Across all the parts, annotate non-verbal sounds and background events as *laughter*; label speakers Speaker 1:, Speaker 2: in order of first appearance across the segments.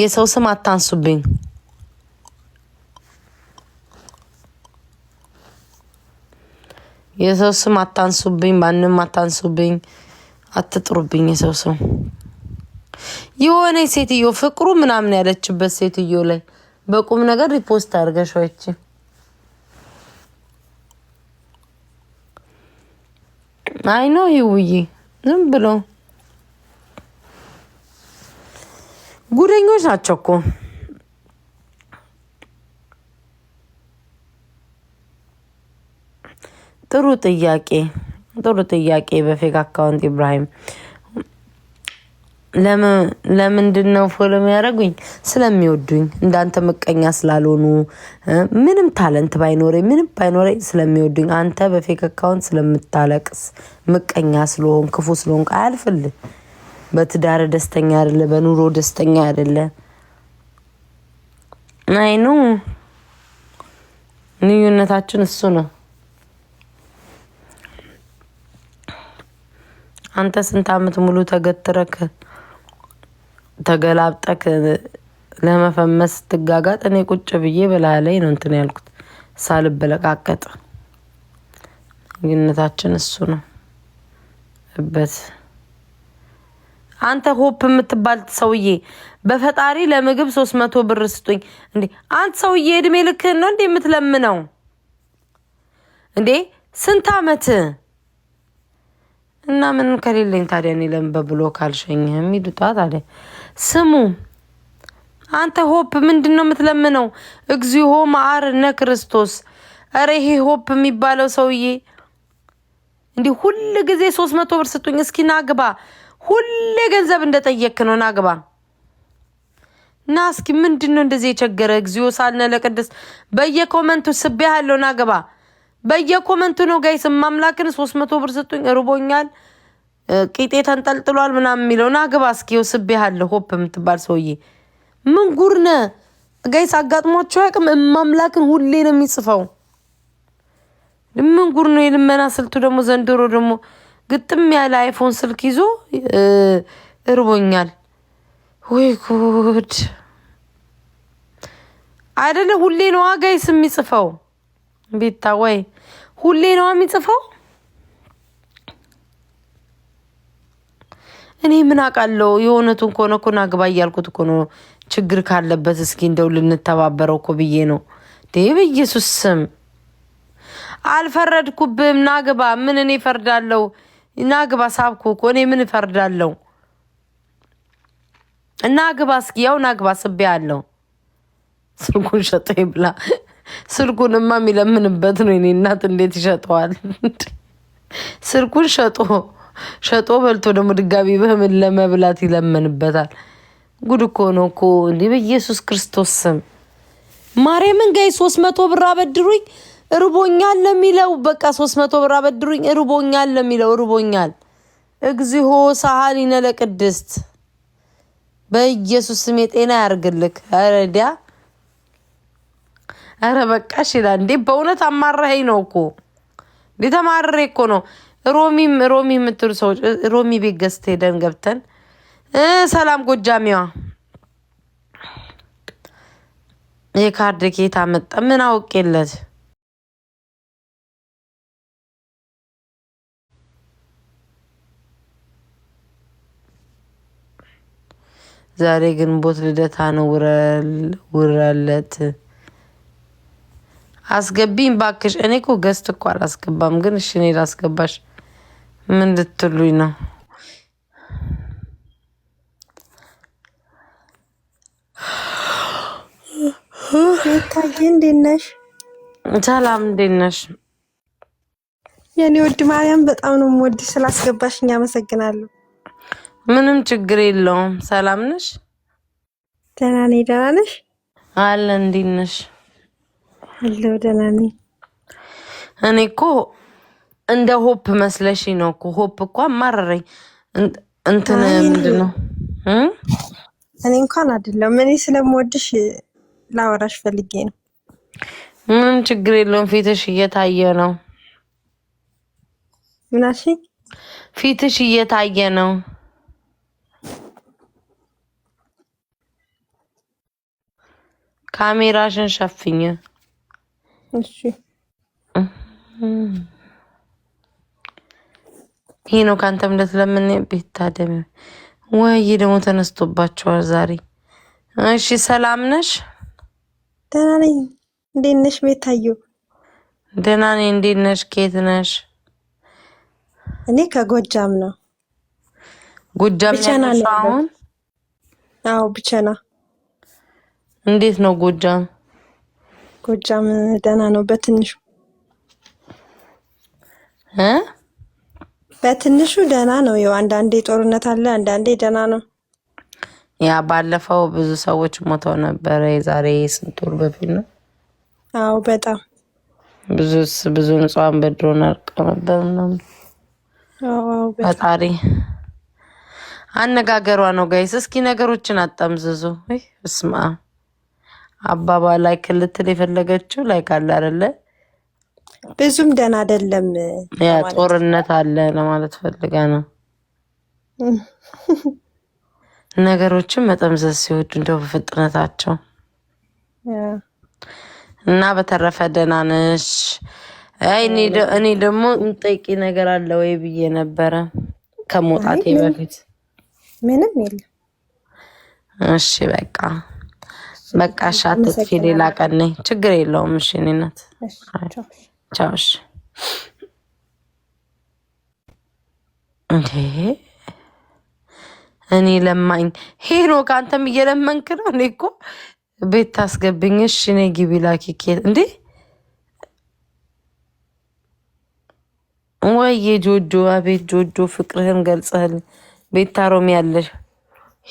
Speaker 1: የሰው ስም አታንሱብኝ። የሰው ስም አታንሱብኝ። ማንም አታንሱብኝ። አትጥሩብኝ የሰው ስም። የሆነ ሴትዮ ፍቅሩ ምናምን ያለችበት ሴትዮ ላይ በቁም ነገር ሪፖስት አድርገሸች። አይ ነው ይውይ ዝም ብሎ ጉደኞች ናቸው እኮ ጥሩ ጥያቄ ጥሩ ጥያቄ በፌክ አካውንት ኢብራሂም ለምንድን ነው ፎሎ የሚያደርጉኝ? ስለሚወዱኝ፣ እንዳንተ ምቀኛ ስላልሆኑ፣ ምንም ታለንት ባይኖረ ምንም ባይኖረ ስለሚወዱኝ። አንተ በፌክ አካውንት ስለምታለቅስ፣ ምቀኛ ስለሆን፣ ክፉ ስለሆን አያልፍልህ። በትዳር ደስተኛ አይደለ፣ በኑሮ ደስተኛ አይደለ። አይኑ ልዩነታችን እሱ ነው። አንተ ስንት አመት ሙሉ ተገትረክ ተገላብጠክ ለመፈመስ ስትጋጋጥ እኔ ቁጭ ብዬ ላይ ነው እንትን ያልኩት ሳልበለቃቀጥ። ግንኙነታችን እሱ ነው እበት አንተ ሆፕ የምትባል ሰውዬ በፈጣሪ ለምግብ ሶስት መቶ ብር ስጡኝ እንዴ! አንተ ሰውዬ እድሜ ልክህን ነው እንዴ የምትለምነው እንዴ? ስንት አመት እና ምን ከሌለኝ ታዲያ እኔ ለምን በብሎ ካልሸኝህም ይሉጣ። ታዲያ ስሙ አንተ ሆፕ ምንድን ነው የምትለምነው? እግዚኦ መሐረነ ክርስቶስ። ኧረ ይሄ ሆፕ የሚባለው ሰውዬ እንዲህ ሁል ጊዜ ሶስት መቶ ብር ስጡኝ እስኪ ናግባ ሁሌ ገንዘብ እንደጠየክ ነው። ናግባ ና እስኪ ምንድን ነው እንደዚህ የቸገረ? እግዚኦ ሳልነ ለቅድስ በየኮመንቱ ስቤ ያለው ናግባ በየኮመንቱ ነው ጋይስ። ማምላክን ሶስት መቶ ብር ስጡኝ ርቦኛል፣ ቂጤ ተንጠልጥሏል ምናምን የሚለው ናግባ እስኪ ስቤ ያለው ሆፕ የምትባል ሰውዬ ምን ጉርነ ጋይስ አጋጥሟቸው ያቅም እማምላክን ሁሌ ነው የሚጽፈው። ምን ጉር ነው የልመና ስልቱ ደግሞ ዘንድሮ ደግሞ ግጥም ያለ አይፎን ስልክ ይዞ እርቦኛል። ወይ ጉድ! አይደለ ሁሌ ነዋ ጋይስ የሚጽፈው ቤታ፣ ወይ ሁሌ ነዋ የሚጽፈው። እኔ ምን አውቃለሁ? የእውነቱን ከሆነ እኮ ና እያልኩት እኮ ነው። ችግር ካለበት እስኪ እንደው ልንተባበረው እኮ ብዬ ነው። ዴብ ኢየሱስ ስም አልፈረድኩብህም። ናግባ ግባ። ምን እኔ ፈርዳለሁ? እና ግባ ሳብኩ እኮ እኔ ምን እፈርዳለሁ? እና ግባ እስኪ ያው ና ግባ ስቤ አለው። ስልኩን ሸጦ ይብላ። ስልኩንማ የሚለምንበት ነው። እኔ እናት እንዴት ይሸጠዋል? ስልኩን ሸጦ ሸጦ በልቶ ደግሞ ድጋሚ በምን ለመብላት ይለምንበታል? ጉድ እኮ ነው እኮ እንዲህ በኢየሱስ ክርስቶስ ስም ማርያምን ጋይ ሶስት መቶ ብር አበድሩኝ ርቦኛል ለሚለው በቃ ሶስት መቶ ብር አበድሩኝ። ርቦኛል ለሚለው ርቦኛል። እግዚኦ ሳሃሊነ ለቅድስት በኢየሱስ ስም የጤና ያርግልክ። ረዲያ ረ በቃ ሽላ እንዴ! በእውነት አማራሄ ነው እኮ ቤተማርሬ እኮ ነው። ሮሚም ሮሚ የምትሉ ሰዎች ሮሚ ቤት ገዝት ሄደን ገብተን ሰላም ጎጃሚዋ የካርድ ኬታ መጣ ምን አውቅ የለት ዛሬ ግንቦት ልደታ ነው። ውረለት አስገቢኝ ባክሽ። እኔ እኮ ገዝት እኮ አላስገባም፣ ግን እሺ እኔ ላስገባሽ። ምን ልትሉኝ ነው?
Speaker 2: ታዬ እንዴት ነሽ?
Speaker 1: ሰላም እንዴት ነሽ?
Speaker 2: የኔ ወድ ማርያም፣ በጣም ነው የምወድሽ። ስላስገባሽኝ አመሰግናለሁ።
Speaker 1: ምንም ችግር የለውም። ሰላም ነሽ?
Speaker 2: ደህና ነኝ። ደህና ነሽ?
Speaker 1: አለ እንዴት ነሽ? ደህና ነኝ። እኔ እኮ እንደ ሆፕ መስለሽ ነው እኮ። ሆፕ እኮ አማረረኝ። እንትን ምንድን ነው
Speaker 2: እኔ እንኳን አይደለም። እኔ ስለምወድሽ ላወራሽ ፈልጌ ነው።
Speaker 1: ምንም ችግር የለውም። ፊትሽ እየታየ ነው። ምናሽ ፊትሽ እየታየ ነው። ካሜራሽን ሸፍኝ። እሺ፣ ይሄ ነው ከአንተ ምለት ለምን ቤት ታደሚ ወይ ደግሞ ተነስቶባቸዋል ዛሬ። እሺ፣ ሰላም ነሽ?
Speaker 2: ደህና ነኝ። እንዴት ነሽ ቤታዩ?
Speaker 1: ደህና ነኝ። እንዴት ነሽ? ከየት ነሽ?
Speaker 2: እኔ ከጎጃም ነው።
Speaker 1: ጎጃም ነሽ አሁን? አዎ፣ ብቸና እንዴት ነው ጎጃም?
Speaker 2: ጎጃም ደህና ነው በትንሹ እ በትንሹ ደህና ነው። ያው አንዳንዴ ጦርነት አለ፣ አንዳንዴ ደህና ነው።
Speaker 1: ያ ባለፈው ብዙ ሰዎች ሞተው ነበረ። የዛሬ ስንት ወር በፊት ነው? አዎ በጣም ብዙ ብዙ ንጹሃን በድሮን አርቀው ነበር ምናምን። ፈጣሪ አነጋገሯ ነው ጋይስ። እስኪ ነገሮችን አጠምዝዙ። ስማ አባባ ላይክ ልትል የፈለገችው ላይ ካለ አይደለ?
Speaker 2: ብዙም ደህና አይደለም።
Speaker 1: ያ ጦርነት አለ ለማለት ፈልጋ ነው። *laughs* ነገሮችን መጠምዘዝ ሲወዱ እንደው በፍጥነታቸው እና በተረፈ ደህና ነሽ? አይ እኔ ደግሞ እንጠይቂ ነገር አለ ወይ ብዬ ነበረ ከመውጣቴ በፊት
Speaker 2: ምንም የለም።
Speaker 1: እሺ በቃ በቃ እሺ፣ አትጥፊ። ሌላ ቀን ነይ፣ ችግር የለውም። እሺ የእኔ እናት ቻው። እንዴ እኔ ለማኝ ሄኖ ከአንተም እየለመንክ ነው። እኔ እኮ ቤት ታስገብኝ። እሺ እኔ ግቢ ላኪ ኬት እንዴ ወይ ጆጆ፣ አቤት ጆጆ፣ ፍቅርህን ገልጸህል። ቤት ሮሚ ያለሽ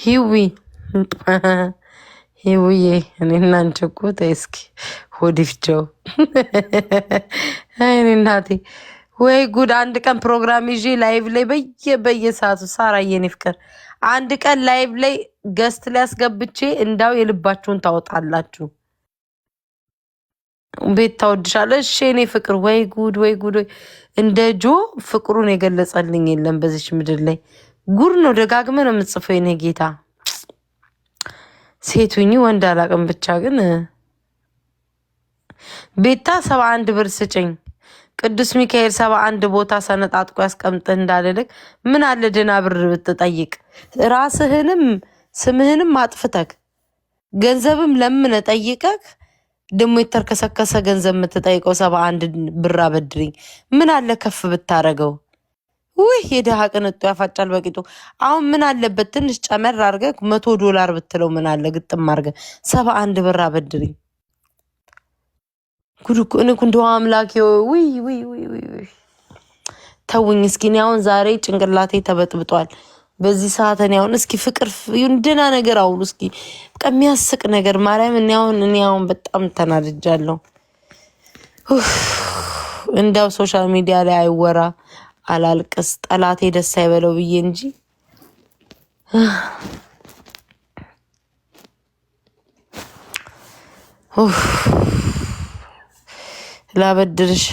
Speaker 1: ሂዊ ይውዬ እኔ እናንቺ እኮ ሆዲፍቸው እኔ እናቴ ወይ ጉድ! አንድ ቀን ፕሮግራም ይዤ ላይቭ ላይ በየ በየሰዓቱ ሳራ የኔ ፍቅር አንድ ቀን ላይቭ ላይ ገስት ላይ አስገብቼ እንዳው የልባችሁን ታወጣላችሁ። ቤት ታወድሻለሁ። እሺ እኔ ፍቅር ወይ ጉድ ወይ ጉድ! እንደ ጆ ፍቅሩን የገለጸልኝ የለም በዚች ምድር ላይ ጉድ ነው። ደጋግመ ነው የምጽፈው የኔ ጌታ ሴቱኝ ወንድ አላቅም። ብቻ ግን ቤታ ሰባ አንድ ብር ስጭኝ ቅዱስ ሚካኤል ሰባ አንድ ቦታ ሰነጣጥቆ ያስቀምጥህ እንዳልልክ ምን አለ ድና ብር ብትጠይቅ ራስህንም ስምህንም አጥፍተክ ገንዘብም ለምነ ጠይቀክ ደግሞ የተርከሰከሰ ገንዘብ የምትጠይቀው ሰባ አንድ ብር አበድርኝ ምን አለ ከፍ ብታረገው ውህ የድሃ ቅንጡ ያፋጫል በቂጡ። አሁን ምን አለበት ትንሽ ጨመር አድርገ መቶ ዶላር ብትለው ምን አለ? ግጥም አድርገ ሰባ አንድ ብር አበድሪኝ። ጉድኩ እንኩ እንደ አምላክ ውይ ውይ ውይ ተውኝ እስኪ። እኔ አሁን ዛሬ ጭንቅላቴ ተበጥብጧል። በዚህ ሰዓት እኔ አሁን እስኪ ፍቅር ደህና ነገር አውሉ እስኪ ከሚያስቅ ነገር ማርያም። እኔ አሁን እኔ አሁን በጣም ተናድጃለሁ። እንዳው ሶሻል ሚዲያ ላይ አይወራ አላልቅስ ጠላቴ ደስ አይበለው ብዬ እንጂ ላበድርሽ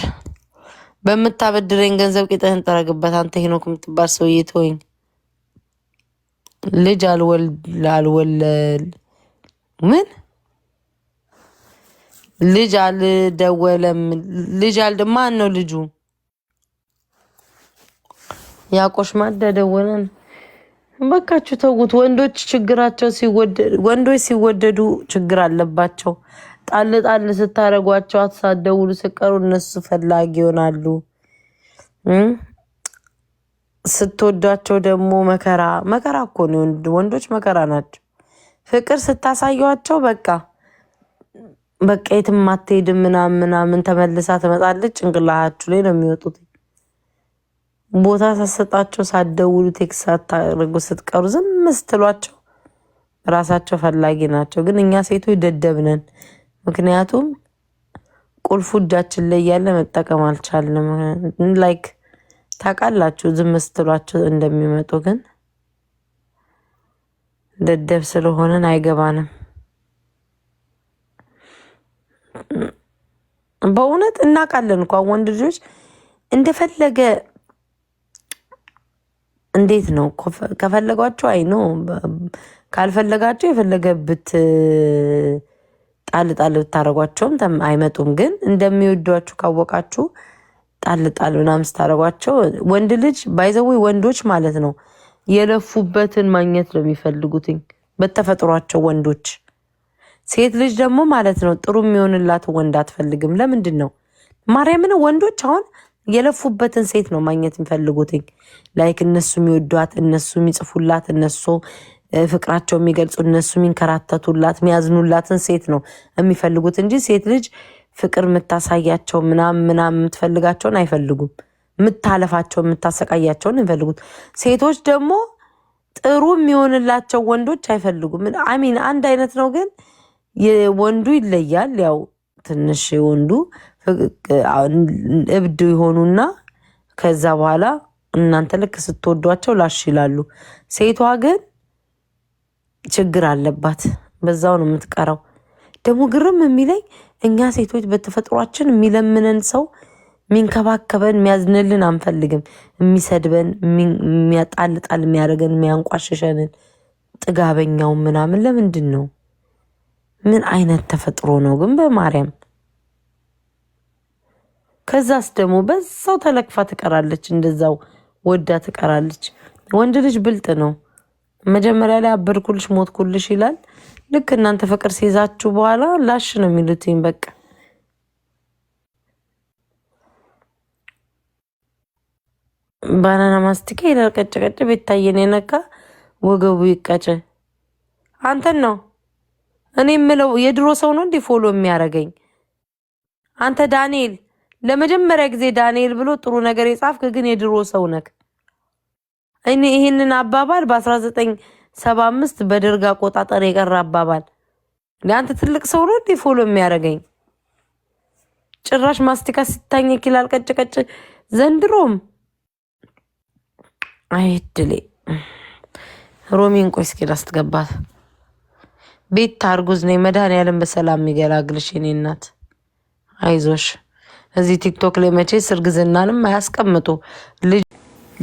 Speaker 1: በምታበድረኝ ገንዘብ ቂጥህን ጠረግበት። አንተ ሄኖክ የምትባል ሰውዬ ተወኝ። ልጅ አልወለል ምን ልጅ አልደወለም ልጅ አልድ ማን ነው ልጁ? ያቆሽ ማደደ ወለን በቃችሁ ተውት። ወንዶች ችግራቸው ሲወደድ ወንዶች ሲወደዱ ችግር አለባቸው። ጣል ጣል ስታረጓቸው አትሳደውሉ ስቀሩ እነሱ ፈላጊ ይሆናሉ። ስትወዷቸው ደግሞ መከራ መከራ እኮ ነው። ወንዶች መከራ ናቸው። ፍቅር ስታሳዩቸው በቃ በቃ የትም አትሄድም ምናምን ምናምን ተመልሳ ትመጣለች። ጭንቅላታችሁ ላይ ነው የሚወጡት። ቦታ ሳሰጣቸው ሳደውሉ ቴክስ ሳታደርጉ ስትቀሩ ዝም ስትሏቸው ራሳቸው ፈላጊ ናቸው። ግን እኛ ሴቶች ደደብነን። ምክንያቱም ቁልፉ እጃችን ላይ ያለ መጠቀም አልቻልንም። ላይክ ታውቃላችሁ፣ ዝም ስትሏቸው እንደሚመጡ ግን ደደብ ስለሆነን አይገባንም። በእውነት እናውቃለን እኳ ወንድ ልጆች እንደፈለገ እንዴት ነው ከፈለጓቸው አይ ነው ካልፈለጋቸው የፈለገ ጣል ጣል ብታደረጓቸውም አይመጡም። ግን እንደሚወዷችሁ ካወቃችሁ ጣል ጣል ምናምን ስታደረጓቸው ወንድ ልጅ ባይዘዌ ወንዶች ማለት ነው የለፉበትን ማግኘት ነው የሚፈልጉትኝ በተፈጥሯቸው ወንዶች። ሴት ልጅ ደግሞ ማለት ነው ጥሩ የሚሆንላት ወንድ አትፈልግም። ለምንድን ነው ማርያምን? ወንዶች አሁን የለፉበትን ሴት ነው ማግኘት የሚፈልጉትኝ። ላይክ እነሱ የሚወዷት፣ እነሱ የሚጽፉላት፣ እነሱ ፍቅራቸው የሚገልጹ፣ እነሱ የሚንከራተቱላት፣ የሚያዝኑላትን ሴት ነው የሚፈልጉት እንጂ ሴት ልጅ ፍቅር የምታሳያቸው ምናምን ምናምን የምትፈልጋቸውን አይፈልጉም። የምታለፋቸው የምታሰቃያቸውን ይፈልጉት። ሴቶች ደግሞ ጥሩ የሚሆንላቸው ወንዶች አይፈልጉም። አሚን አንድ አይነት ነው፣ ግን ወንዱ ይለያል። ያው ትንሽ ወንዱ እብድ ይሆኑና ከዛ በኋላ እናንተ ልክ ስትወዷቸው ላሽ ይላሉ። ሴቷ ግን ችግር አለባት፣ በዛው ነው የምትቀረው። ደግሞ ግርም የሚለኝ እኛ ሴቶች በተፈጥሯችን የሚለምነን ሰው የሚንከባከበን የሚያዝንልን አንፈልግም። የሚሰድበን፣ የሚያጣልጣል የሚያደርገን፣ የሚያንቋሽሸንን ጥጋበኛውን ምናምን ለምንድን ነው? ምን አይነት ተፈጥሮ ነው ግን በማርያም ከዛስ ደግሞ በዛው ተለክፋ ትቀራለች፣ እንደዛው ወዳ ትቀራለች። ወንድ ልጅ ብልጥ ነው። መጀመሪያ ላይ አበድኩልሽ ሞትኩልሽ ይላል። ልክ እናንተ ፍቅር ሲይዛችሁ በኋላ ላሽ ነው የሚሉትኝ በቃ ባናና ማስቲካ ይላል። ቀጨቀጨ ቤታየን የነካ ወገቡ ይቀጭ። አንተን ነው እኔ የምለው የድሮ ሰው ነው እንዲህ ፎሎ የሚያደርገኝ አንተ ዳንኤል ለመጀመሪያ ጊዜ ዳንኤል ብሎ ጥሩ ነገር የጻፍክ ግን የድሮ ሰው ነክ። እኔ ይህንን አባባል በ1975 በደርግ አቆጣጠር የቀረ አባባል ለአንተ ትልቅ ሰው ነው እንዴ ፎሎ የሚያደርገኝ? ጭራሽ ማስቲካ ሲታኝ ቀጭ ቀጭ። ዘንድሮም አይድሌ ሮሚን ቆይ እስኪ ላስትገባት። ቤታ እርጉዝ ነኝ። መድኃኒዓለም በሰላም የሚገላግልሽ የኔ እናት አይዞሽ። እዚህ ቲክቶክ ላይ መቼ ስርግዝናንም አያስቀምጡ። ልጅ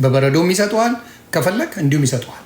Speaker 1: በበረዶም ይሰጠዋል፣ ከፈለግ እንዲሁም ይሰጠዋል።